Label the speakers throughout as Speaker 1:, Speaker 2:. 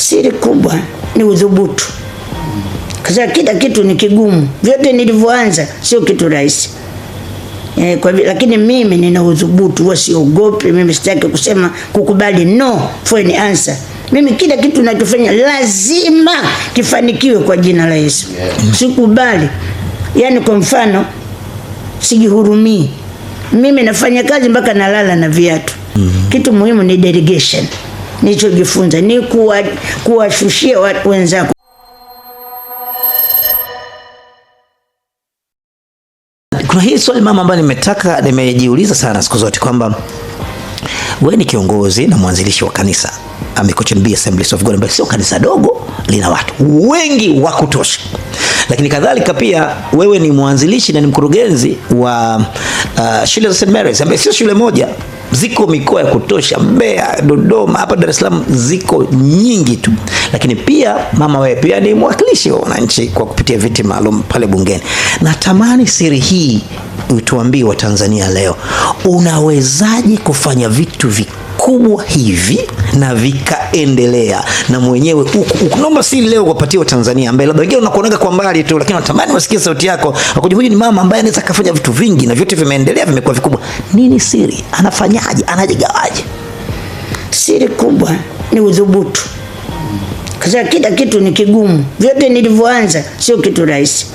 Speaker 1: Siri kubwa ni udhubutu, kwa sababu kila kitu ni kigumu. Vyote nilivyoanza sio kitu rahisi e, kwa, lakini mimi nina udhubutu, huwa mimi. Sitaki kusema kukubali no for an answer. Mimi kila kitu ninachofanya lazima kifanikiwe kwa jina la Yesu. Sikubali yani, kwa mfano sijihurumii mimi, nafanya kazi mpaka nalala na viatu. Mm-hmm. Kitu muhimu ni delegation nilichojifunza ni kuwashushia kuwa wenzako
Speaker 2: kuna hii swali mama, ambayo nimetaka nimejiuliza sana siku zote kwamba wewe ni kiongozi na mwanzilishi wa kanisa Mikocheni Assemblies of God ambayo sio kanisa dogo, lina watu wengi wa kutosha, lakini kadhalika pia wewe ni mwanzilishi na ni mkurugenzi wa uh, shule za St Mary's ambayo sio shule moja Ziko mikoa ya kutosha, Mbeya, Dodoma, hapa Dar es Salaam ziko nyingi tu, lakini pia mama wewe pia ni mwakilishi wa wananchi kwa kupitia viti maalum pale bungeni. Natamani siri hii utuambie Watanzania leo, unawezaje kufanya vitu vikubwa vikubwa hivi na vikaendelea na mwenyewe huku huku. Naomba siri leo kupatia Watanzania ambaye labda wengine unakuonaga kwa mbali tu, lakini natamani wasikie sauti yako, akuje huyu ni mama ambaye anaweza kafanya vitu vingi na vyote vimeendelea, vimekuwa vikubwa. Nini siri? Anafanyaje? Anajigawaje?
Speaker 1: Siri kubwa ni udhubutu, kwa sababu kila kitu ni kigumu. Vyote nilivyoanza sio kitu rahisi.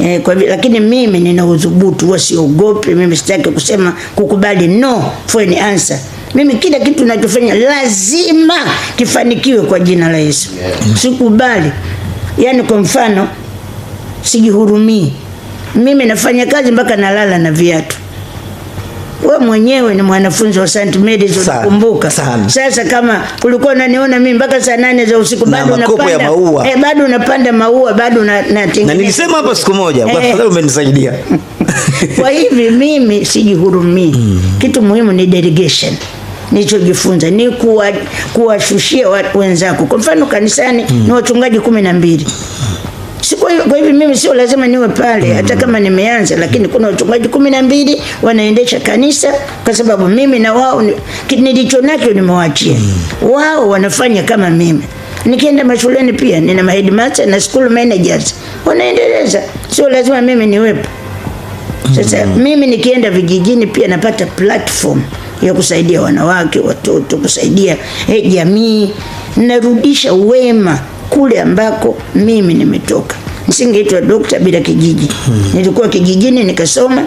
Speaker 1: E, kwa, lakini mimi nina udhubutu, wasiogope. mimi. Sitaki kusema kukubali no for an answer mimi kila kitu ninachofanya lazima kifanikiwe kwa jina la Yesu. Yeah. Sikubali. Yaani kwa mfano sijihurumii. Mimi nafanya kazi mpaka nalala na viatu. Wewe mwenyewe ni mwanafunzi wa St. Mary's unakumbuka. Sasa kama ulikuwa unaniona mimi mpaka saa nane za usiku bado unapanda maua. Eh, bado unapanda maua bado unatengeneza. Na
Speaker 2: nilisema hapa siku moja kwa eh. sababu umenisaidia.
Speaker 1: Kwa hivi mimi sijihurumii. Mm. Kitu muhimu ni delegation nilichojifunza ni kuwashushia kuwa wenzako. Kwa mfano kanisani mm. ni wachungaji kumi na mbili kwa hivi mimi sio lazima niwe pale hata mm. kama nimeanza, lakini kuna wachungaji kumi na mbili wanaendesha kanisa, kwa sababu mimi na wao nilicho nacho nimewaachia mm. wao, wanafanya kama mimi. Nikienda mashuleni pia nina headmaster na school managers wanaendeleza, sio lazima mimi niwepo. Sasa mm. mimi nikienda vijijini pia napata platform ya kusaidia wanawake, watoto, kusaidia hey, eh, jamii. Narudisha wema kule ambako mimi nimetoka. Msingeitwa dokta bila kijiji. Hmm. Nilikuwa kijijini nikasoma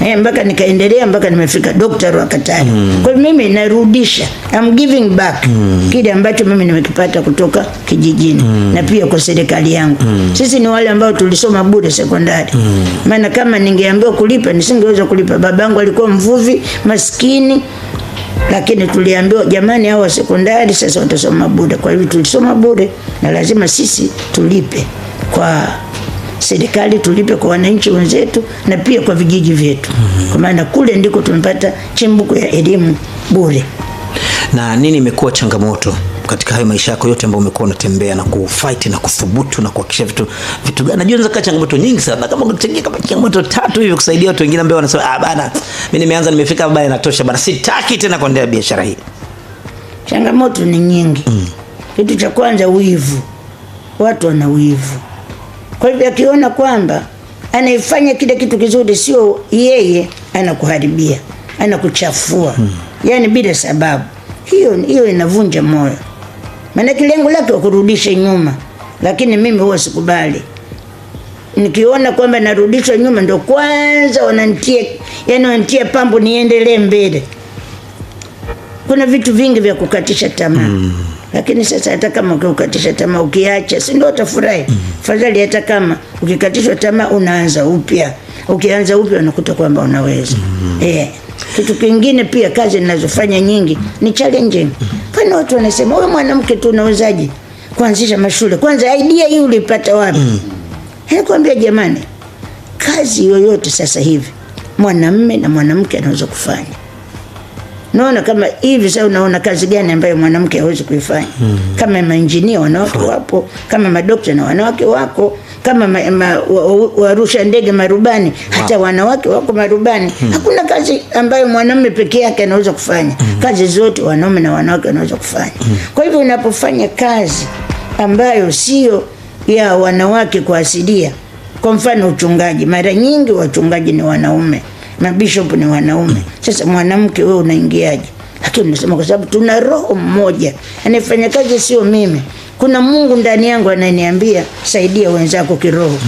Speaker 1: eh, mpaka nikaendelea mpaka nimefika daktari wakataja. mm. Kwa hiyo mimi narudisha, I'm giving back mm. kile ambacho mimi nimekipata kutoka kijijini mm. na pia kwa serikali yangu mm. Sisi ni wale ambao tulisoma bure sekondari mm. maana kama ningeambiwa kulipa nisingeweza kulipa. Babangu alikuwa mvuvi maskini lakini tuliambiwa jamani, hao wa sekondari sasa watasoma bure. Kwa hivyo tulisoma bure na lazima sisi tulipe kwa serikali tulipe kwa wananchi wenzetu na pia kwa vijiji vyetu, kwa maana kule ndiko tumepata chimbuko ya elimu bure.
Speaker 2: Na nini imekuwa changamoto katika hayo maisha yako yote ambayo umekuwa unatembea na kufight na kuthubutu na kuhakikisha vitu vitu gani? Najua unaweza changamoto nyingi sana, kama ungetengia kama changamoto tatu hivi, kusaidia watu wengine ambao wanasema ah, bana mimi nimeanza nimefika, baba inatosha bana, sitaki tena kuendelea biashara hii.
Speaker 1: Changamoto ni nyingi mm. Kitu cha kwanza, wivu. Watu wana wivu kwa hivyo akiona kwamba anaifanya kile kitu kizuri, sio yeye, anakuharibia anakuchafua, hmm. Yani bila sababu hiyo, hiyo inavunja moyo, maanake lengo lake wakurudisha nyuma, lakini mimi huwa sikubali nikiona kwamba narudishwa nyuma, ndo kwanza wanantia, yani wanantia pambo niendelee mbele. Kuna vitu vingi vya kukatisha tamaa. hmm. Lakini sasa hata kama ukikatisha tamaa ukiacha, si ndio utafurahi? mm -hmm. Fadhali hata kama ukikatishwa tamaa unaanza upya, ukianza upya unakuta kwamba unaweza. mm -hmm. yeah. Kitu kingine pia kazi ninazofanya nyingi ni challenging. Mm. Kwani watu wanasema wewe mwanamke tu unawezaje kuanzisha mashule? Kwanza idea hii ulipata wapi? mm. kwambia jamani, kazi yoyote sasa hivi mwanamme na mwanamke anaweza kufanya. Unaona kama hivi sasa, unaona kazi gani ambayo mwanamke hawezi kuifanya? mm -hmm. Kama mainjinia wanawake wapo, kama madokta na wanawake wako, kama ma, ma, wa, warusha ndege marubani wow. hata wanawake wako marubani. mm -hmm. Hakuna kazi ambayo mwanamume peke yake anaweza kufanya. mm -hmm. Kazi zote wanaume na wanawake wanaweza kufanya. mm -hmm. Kwa hivyo unapofanya kazi ambayo sio ya wanawake kwa asilia, kwa mfano uchungaji, mara nyingi wachungaji ni wanaume mm. Mabishop ni wanaume. Sasa mwanamke wewe unaingiaje? Lakini nasema kwa sababu tuna roho mmoja, anayefanya kazi sio mimi. Kuna Mungu ndani yangu ananiambia saidia wenzako kiroho.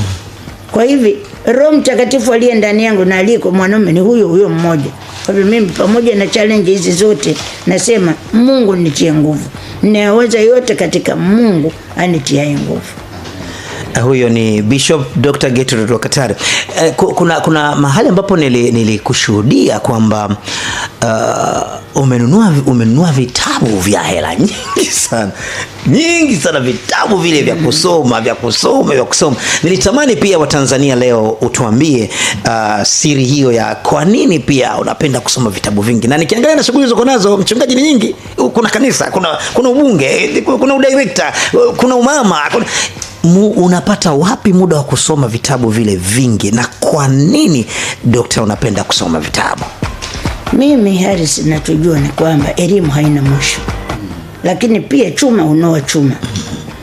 Speaker 1: Kwa hivi Roho Mtakatifu aliye ndani yangu na aliko mwanaume ni huyo huyo mmoja. Kwa hivyo mimi pamoja na challenge hizi zote nasema Mungu nitie nguvu. Ninaweza yote katika Mungu anitiaye nguvu.
Speaker 2: Huyo ni Bishop Dr. Gertrude Rwakatare. Eh, kuna, kuna mahali ambapo nilikushuhudia nili kwamba uh, umenunua, umenunua vitabu vya hela nyingi sana nyingi sana vitabu vile vya kusoma vya kusoma vya kusoma. Nilitamani pia Watanzania leo utuambie uh, siri hiyo ya kwa nini pia unapenda kusoma vitabu vingi, na nikiangalia na shughuli zako nazo mchungaji, ni nyingi. Kuna kanisa, kuna kuna ubunge, kuna udirekta, kuna umama, kuna mu, unapata wapi muda wa kusoma vitabu vile vingi, na kwa nini dokta, unapenda kusoma vitabu?
Speaker 1: Mimi Haris, nachojua ni kwamba elimu haina mwisho, lakini pia chuma unoa chuma.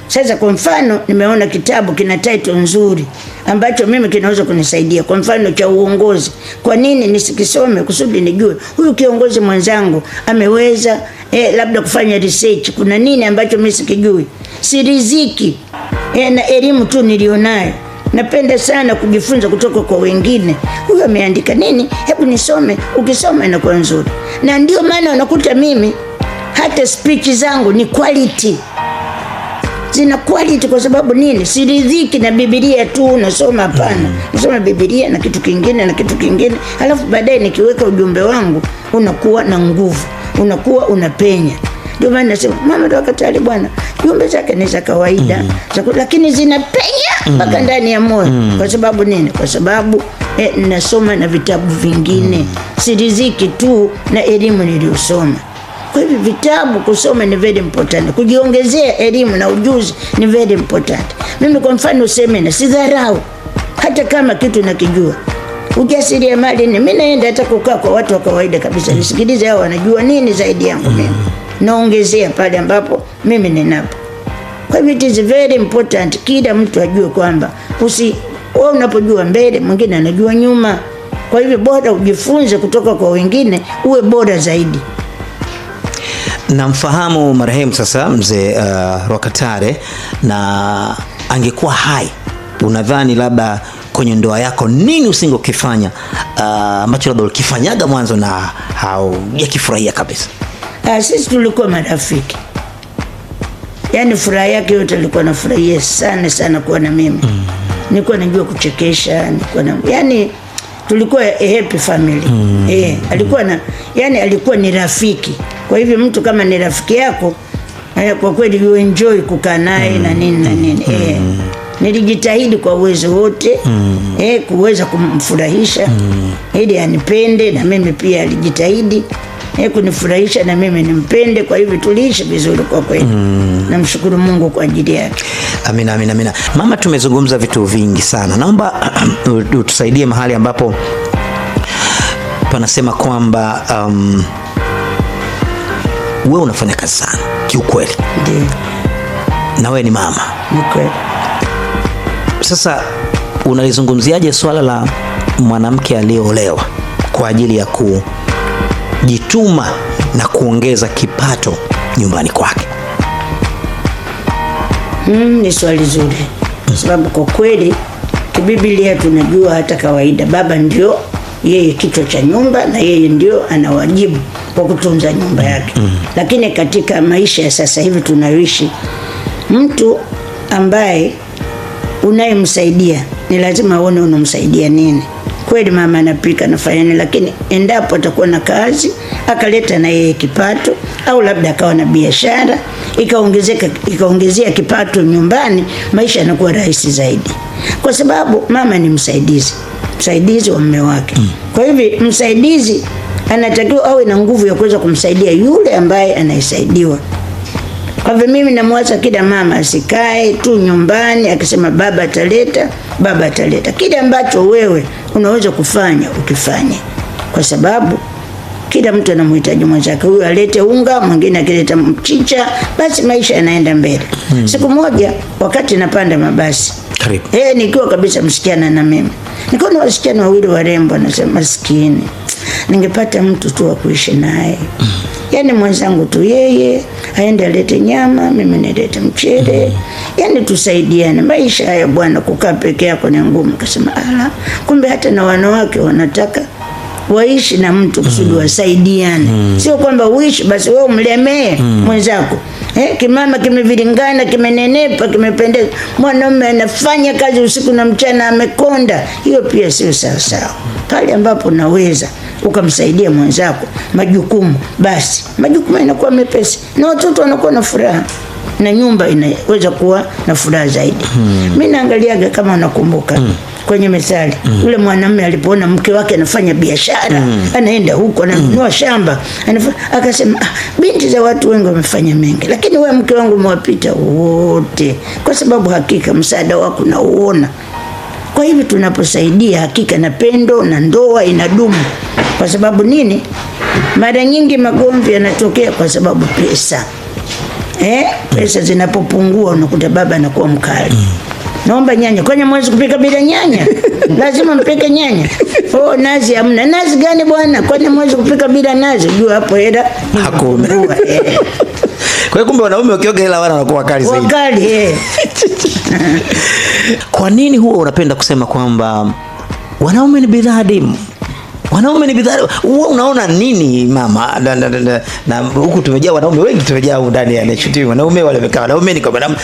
Speaker 1: Sasa kwa mfano, nimeona kitabu kina title nzuri ambacho mimi kinaweza kunisaidia, kwa mfano cha uongozi. Kwa nini nisikisome? Kusudi nijue huyu kiongozi mwenzangu ameweza eh, labda kufanya research, kuna nini ambacho mimi sikijui. Si riziki e, na elimu tu nilionayo napenda sana kujifunza kutoka kwa wengine. Huyu ameandika nini? Hebu nisome. Ukisoma inakuwa nzuri, na ndio maana unakuta mimi hata spichi zangu ni quality, zina quality. Kwa sababu nini? Siridhiki na Biblia tu unasoma hapana. Nasoma Biblia na kitu kingine na kitu kingine, halafu baadaye nikiweka ujumbe wangu unakuwa na nguvu, unakuwa unapenya. Ndio maana nasema mama ndo akatali bwana, jumbe zake ni za kawaida mm. lakini zinapenya mm. mpaka mm. ndani ya moyo mm. kwa sababu nini? Kwa sababu eh, nasoma na vitabu vingine mm. si riziki tu na elimu niliyosoma kwa hivyo vitabu kusoma ni very important, kujiongezea elimu na ujuzi ni very important. Mimi kwa mfano semina sidharau, hata kama kitu nakijua. mali ni mi naenda hata kukaa kwa watu wa kawaida kabisa nisikilize hao wanajua nini zaidi yangu mimi. mm naongezea pale ambapo mimi ninapo. Kwa hivyo it is very important kila mtu ajue kwamba usi wewe unapojua mbele, mwingine anajua nyuma. Kwa hivyo bora ujifunze kutoka kwa wengine, uwe bora zaidi.
Speaker 2: Namfahamu marehemu sasa mzee uh, Rwakatare, na angekuwa hai, unadhani labda kwenye ndoa yako nini usingokifanya uh, ambacho uh, labda ulikifanyaga mwanzo na haujakifurahia kabisa?
Speaker 1: Ah, sisi tulikuwa marafiki. Yaani furaha yake yote alikuwa anafurahia sana sana kuwa na mimi. Mm. Nilikuwa najua kuchekesha, nilikuwa na yaani tulikuwa a happy family. Mm. Eh, alikuwa na yaani alikuwa ni rafiki. Kwa hivyo mtu kama ni rafiki yako, eh, kwa kweli you enjoy kukaa naye mm. na nini na nini. Mm. Eh. Nilijitahidi kwa uwezo wote mm. eh, kuweza kumfurahisha mm. ili anipende na mimi pia alijitahidi e, kunifurahisha na mimi nimpende. Kwa hivyo tuliishi vizuri kwa kweli mm. Namshukuru Mungu kwa ajili yake.
Speaker 2: Amina, amina, amina. Mama, tumezungumza vitu vingi sana, naomba utusaidie mahali ambapo panasema kwamba um, wewe unafanya kazi sana kiukweli, na wewe ni mama, ni Sasa unalizungumziaje swala la mwanamke aliyeolewa kwa ajili ya ku jituma na kuongeza kipato nyumbani kwake?
Speaker 1: Mm, ni swali zuri kwa sababu kwa kweli kibiblia tunajua hata kawaida baba ndio yeye kichwa cha nyumba na yeye ndio ana wajibu wa kutunza nyumba yake. mm -hmm. Lakini katika maisha ya sasa hivi tunayoishi, mtu ambaye unayemsaidia ni lazima aone unamsaidia nini kweli mama anapika nafanyani, lakini endapo atakuwa na kazi akaleta na yeye kipato, au labda akawa na biashara ikaongezeka ikaongezea kipato nyumbani, maisha yanakuwa rahisi zaidi, kwa sababu mama ni msaidizi, msaidizi wa mume wake. Mm. Kwa hivi msaidizi anatakiwa awe na nguvu ya kuweza kumsaidia yule ambaye anayesaidiwa. Kwa hivyo mimi namwacha kila mama asikae tu nyumbani akisema baba ataleta, baba ataleta. Kile ambacho wewe unaweza kufanya ukifanye, kwa sababu kila mtu anamhitaji mwenzake. Huyu alete unga, mwingine akileta mchicha, basi maisha yanaenda mbele. Hmm. Siku moja wakati napanda mabasi karibu, eh, nikiwa kabisa msichana na mimi niko na wasichana wawili warembo, anasema maskini, ningepata mtu tu wa kuishi naye, hmm. yaani mwenzangu tu yeye aende alete nyama, mimi nilete mchele, mm-hmm. yani tusaidiane. Maisha haya bwana, kukaa peke yako ni ngumu. Kasema ala, kumbe hata na wanawake wanataka waishi na mtu kusudi mm-hmm. wasaidiane. mm. Sio kwamba uishi basi wewe umlemee mm. mwenzako eh, kimama kimevilingana, kimenenepa, kimependeza. Mwanaume anafanya kazi usiku na mchana, amekonda. Hiyo pia sio sawasawa. Pale ambapo naweza ukamsaidia mwenzako majukumu, basi majukumu yanakuwa mepesi na watoto wanakuwa na furaha na nyumba inaweza kuwa na furaha zaidi. Hmm. Mimi naangaliaga kama unakumbuka hmm kwenye methali mm. Yule mwanamume alipoona mke wake anafanya biashara mm. anaenda huko hmm. ananunua mm. shamba akasema, ah, binti za watu wengi wamefanya mengi, lakini wewe mke wangu umewapita wote, kwa sababu hakika msaada wako nauona kwa hivyo tunaposaidia, hakika na pendo na ndoa inadumu. Kwa sababu nini? Mara nyingi magomvi yanatokea kwa sababu pesa eh? Pesa zinapopungua unakuta baba anakuwa mkali mm. Naomba nyanya, kwani mwezi kupika bila nyanya? lazima mpike nyanya. Oh, nazi hamna. Nazi gani bwana? Kwani mwezi kupika bila nazi? Jua hapo hela hakuna.
Speaker 2: Eh. Kwa hiyo kumbe wanaume wakioga hela wanakuwa wakali zaidi.
Speaker 1: Wakali eh.
Speaker 2: Kwa nini huwa unapenda kusema kwamba wanaume ni bidhaa adimu? Wanaume ni bidhaa. Wewe unaona nini mama? Na, na, na, na na huku tumejaa wanaume wengi, tumejaa ndani ya Nation TV wanaume wale wamekaa, wanaume ni kwa mwanadamu.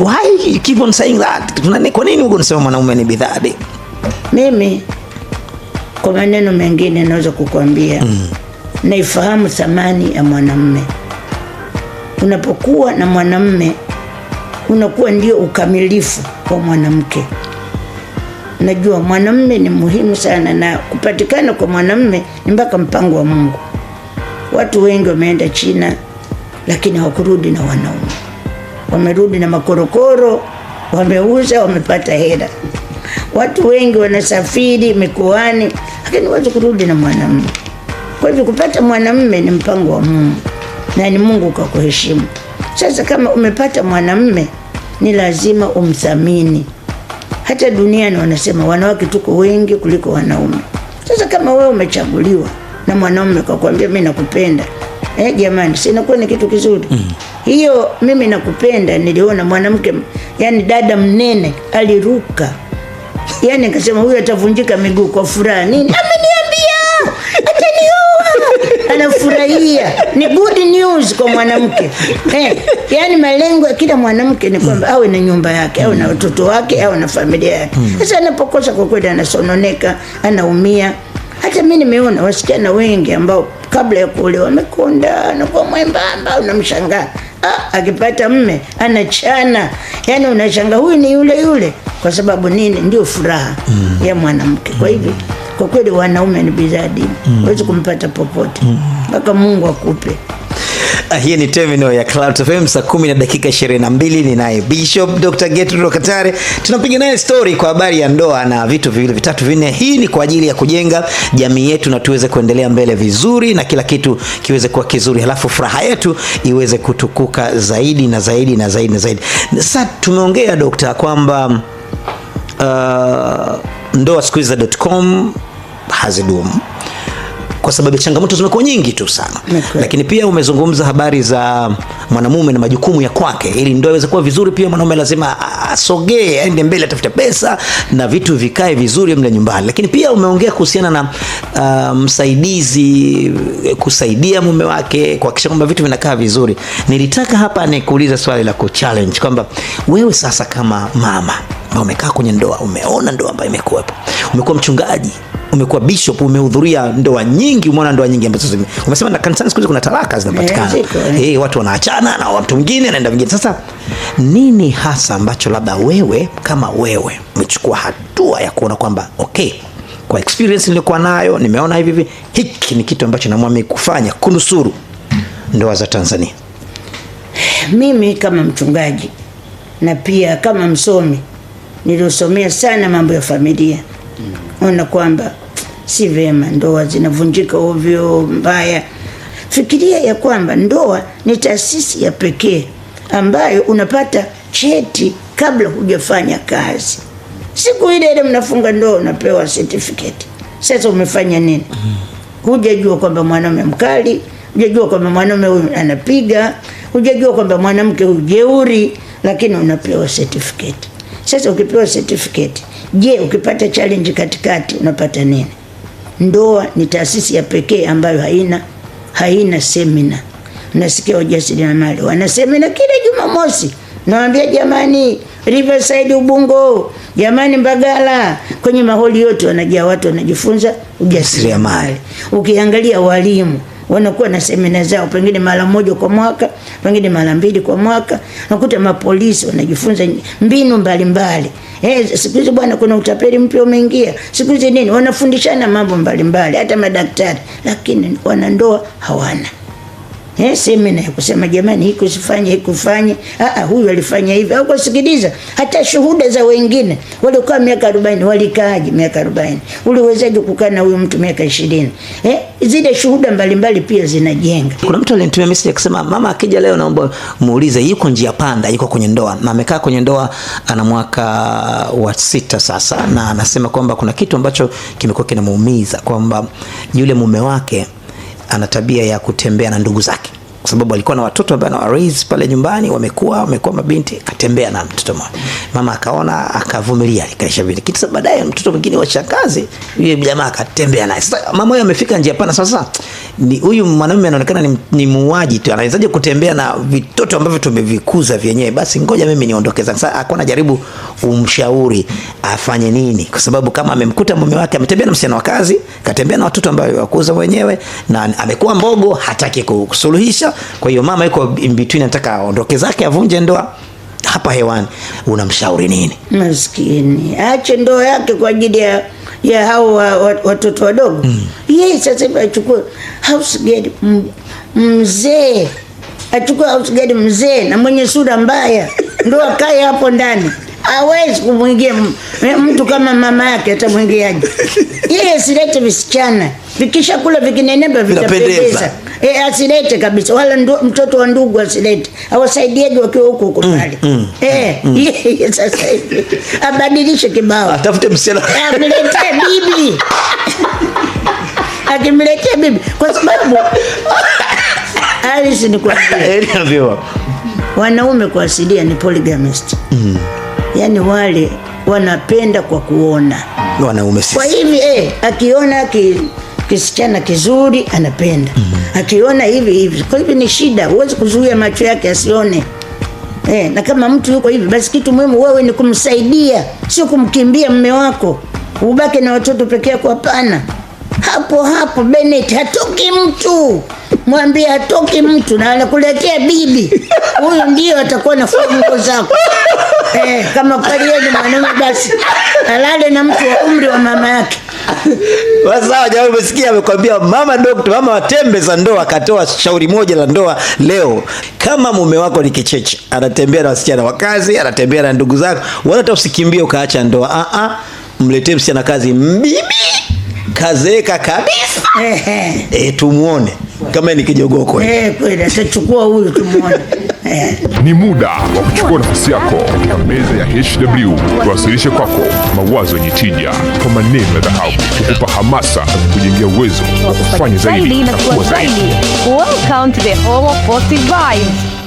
Speaker 2: Why keep on saying that? Kwa nini huko unasema mwanaume ni bidhaa adimu?
Speaker 1: Mimi kwa maneno mengine naweza kukwambia mm. Naifahamu thamani ya mwanamume. Unapokuwa na mwanamume unakuwa ndio ukamilifu wa mwanamke. Najua mwanamme ni muhimu sana, na kupatikana kwa mwanamme ni mpaka mpango wa Mungu. Watu wengi wameenda China, lakini hawakurudi na wanaume, wamerudi na makorokoro, wameuza, wamepata hela. Watu wengi wanasafiri mikoani, lakini watu kurudi na mwanamme. Kwa hivyo kupata mwanamme ni mpango wa Mungu na ni Mungu kakuheshimu. Sasa kama umepata mwanamme ni lazima umthamini. Hata duniani wanasema wanawake tuko wengi kuliko wanaume. Sasa kama wewe umechaguliwa na mwanaume kakwambia mimi nakupenda, eh, jamani, si inakuwa ni kitu kizuri mm. Hiyo mimi nakupenda niliona mwanamke, yani dada mnene aliruka, yani akasema huyu atavunjika miguu kwa furaha nini anafurahia, ni good news kwa mwanamke eh. Yani malengo ya kila mwanamke ni kwamba awe na nyumba yake, awe na watoto wake, awe na familia yake. Hmm. Sasa anapokosa kwa kweli, anasononeka, anaumia. Hata mi nimeona wasichana wengi ambao kabla ya kuolewa wamekonda, anakuwa mwembamba, unamshangaa ah, akipata mme anachana, yani unashangaa huyu ni yule yule. Kwa sababu nini? Ndio furaha mm. ya mwanamke. Kwa hivyo kwa kweli wanaume ni bidhaa mm. huwezi mm. kumpata popote mm. mpaka mm. Mungu akupe.
Speaker 2: Ah, hii ni terminal ya Clouds FM saa kumi na dakika 22. Ninaye Bishop Dr. Gertrude Katare. tunapiga naye story kwa habari ya ndoa na vitu viwili vitatu vinne. Hii ni kwa ajili ya kujenga jamii yetu na tuweze kuendelea mbele vizuri na kila kitu kiweze kuwa kizuri, halafu furaha yetu iweze kutukuka zaidi na zaidi na zaidi na zaidi. Sasa tumeongea Dokta kwamba uh, ndoa siku hazidumu kwa sababu changamoto zimekuwa nyingi tu sana Mekwe. Lakini pia umezungumza habari za mwanamume na majukumu ya kwake, ili ndoa iweze kuwa vizuri, pia mwanamume lazima asogee, aende mbele, atafute pesa na vitu vikae vizuri mle nyumbani. Lakini pia umeongea kuhusiana na uh, msaidizi kusaidia mume wake kuhakikisha kwamba vitu vinakaa vizuri. Nilitaka hapa nikuulize swali la kuchallenge kwamba wewe sasa kama mama umekaa kwenye ndoa, umeona ndoa ambayo imekuwepo, umekuwa mchungaji umekuwa bishop, umehudhuria ndoa nyingi, umeona ndoa nyingi ambazo umesema, na kanisani siku hizi kuna talaka zinapatikana, eh, Hey, eh. eh, watu wanaachana na watu mwingine anaenda mwingine. Sasa nini hasa ambacho labda wewe kama wewe umechukua hatua ya kuona kwamba okay kwa experience nilikuwa nayo, nimeona hivi hivi, hiki ni kitu ambacho namwami kufanya kunusuru ndoa za Tanzania.
Speaker 1: Mimi kama mchungaji na pia kama msomi niliosomea sana mambo ya familia, ona kwamba si vema, ndoa zinavunjika ovyo mbaya. Fikiria ya kwamba ndoa ni taasisi ya pekee ambayo unapata cheti kabla hujafanya kazi. Siku ile ile mnafunga ndoa unapewa certificate. Sasa umefanya nini? Hujajua kwamba mwanaume mkali, hujajua kwamba mwanaume huyu anapiga, hujajua kwamba mwanamke huyu jeuri, lakini unapewa certificate. Sasa ukipewa certificate, je, ukipata challenge katikati unapata nini? Ndoa ni taasisi ya pekee ambayo haina haina semina. Nasikia wajasiriamali wana semina kila Jumamosi, nawaambia jamani, Riverside Ubungo, jamani Mbagala, kwenye maholi yote wanajaa watu wanajifunza ujasiriamali. Ukiangalia walimu wanakuwa na semina zao pengine mara moja kwa mwaka, pengine mara mbili kwa mwaka. Nakuta mapolisi wanajifunza mbinu mbalimbali. Eh, siku hizi bwana, kuna utapeli mpya umeingia, siku hizi nini, wanafundishana mambo mbalimbali, hata madaktari, lakini wanandoa hawana. Eh, semina ya kusema jamani, hiki usifanye, hiki ufanye. Ah, ah, huyu alifanya hivi au kusikiliza hata shuhuda za wengine walikuwa miaka 40 walikaaje? Miaka 40 uliwezaje kukaa na huyu mtu miaka 20? Eh, zile shuhuda mbalimbali pia zinajenga.
Speaker 2: Kuna mtu alinitumia message akisema, mama akija leo naomba muulize, yuko njia panda, yuko kwenye ndoa na amekaa kwenye ndoa ana mwaka wa sita sasa, na anasema kwamba kuna kitu ambacho kimekuwa kinamuumiza kwamba yule mume wake ana tabia ya kutembea na ndugu zake, kwa sababu alikuwa na watoto ambao ana raise pale nyumbani, wamekuwa wamekuwa mabinti. Katembea na mtoto mmoja, mama akaona, akavumilia, ikaisha vile. Kisha baadaye mtoto mwingine wa shangazi, yule jamaa akatembea naye. Sasa mama yeye amefika njia pana sasa ni huyu mwanamume anaonekana ni, ni muuaji tu, anawezaje kutembea na vitoto ambavyo tumevikuza vyenyewe? Basi ngoja mimi niondoke Sasa akawa anajaribu umshauri afanye nini, kwa sababu kama amemkuta mume wake ametembea na msichana wa kazi, katembea na watoto ambao wakuza wenyewe, na amekuwa mbogo, hataki kusuluhisha. Kwa hiyo mama yuko in between, anataka aondoke zake avunje ndoa hapa hewani, unamshauri nini?
Speaker 1: Maskini aache ndoa yake kwa ajili ya ya hao watoto wadogo mm. Yeye sasa hivi achukue house guard mzee, achukue house guard mzee na mwenye sura mbaya ndo akae hapo ndani. Hawezi kumwingia mtu kama mama yake, atamwingiaje? Yeye silete visichana vikisha kula vikinenepa vitapendeza. E, asilete kabisa wala ndu, mtoto wa ndugu asilete, awasaidiaje wakiwa huko huko mm, pale mm, mm, e, mm. mm. Sasa abadilishe kibao,
Speaker 2: atafute msichana
Speaker 1: e, amletee bibi akimletea bibi kwa sababu Alice, nikwambia yaani wanaume kwa asilia ni polygamist mm. Yaani wale wanapenda kwa kuona wanaume sisi. Kwa hivi eh, akiona ki kisichana kizuri anapenda mm -hmm. Akiona hivi hivi, kwa hivi ni shida, huwezi kuzuia macho yake asione. Eh, na kama mtu yuko hivi basi, kitu muhimu wewe ni kumsaidia, sio kumkimbia mme wako ubake na watoto pekee yako. Hapana hapo hapo Bennett, hatoki mtu, mwambie hatoki mtu, na anakuletea bibi huyu, ndio atakuwa na fungo zako. Eh, kama kweli yeye mwanaume basi alale na mtu wa umri wa mama yake.
Speaker 2: Sawa jamani, umesikia amekwambia mama dokta, mama tembe za ndoa, akatoa shauri moja la ndoa leo. Kama mume wako ni kicheche, anatembea na wasichana wa kazi, anatembea na ndugu zako, wala hata usikimbie ukaacha ndoa. Ah ah, mletee msichana kazi mbibi kazeeka kabisa eh, tumuone kama ni kijogoo kweli
Speaker 1: eh, kweli atachukua huyu, tumuone eh. Ni muda wa kuchukua nafasi yako katika meza ya HW, tuwasilishe kwako mawazo yenye tija kwa maneno ya dhahabu, kukupa hamasa na kukujengea uwezo wa kufanya zaidi na kuwa zaidi. Welcome to the home of positive vibes.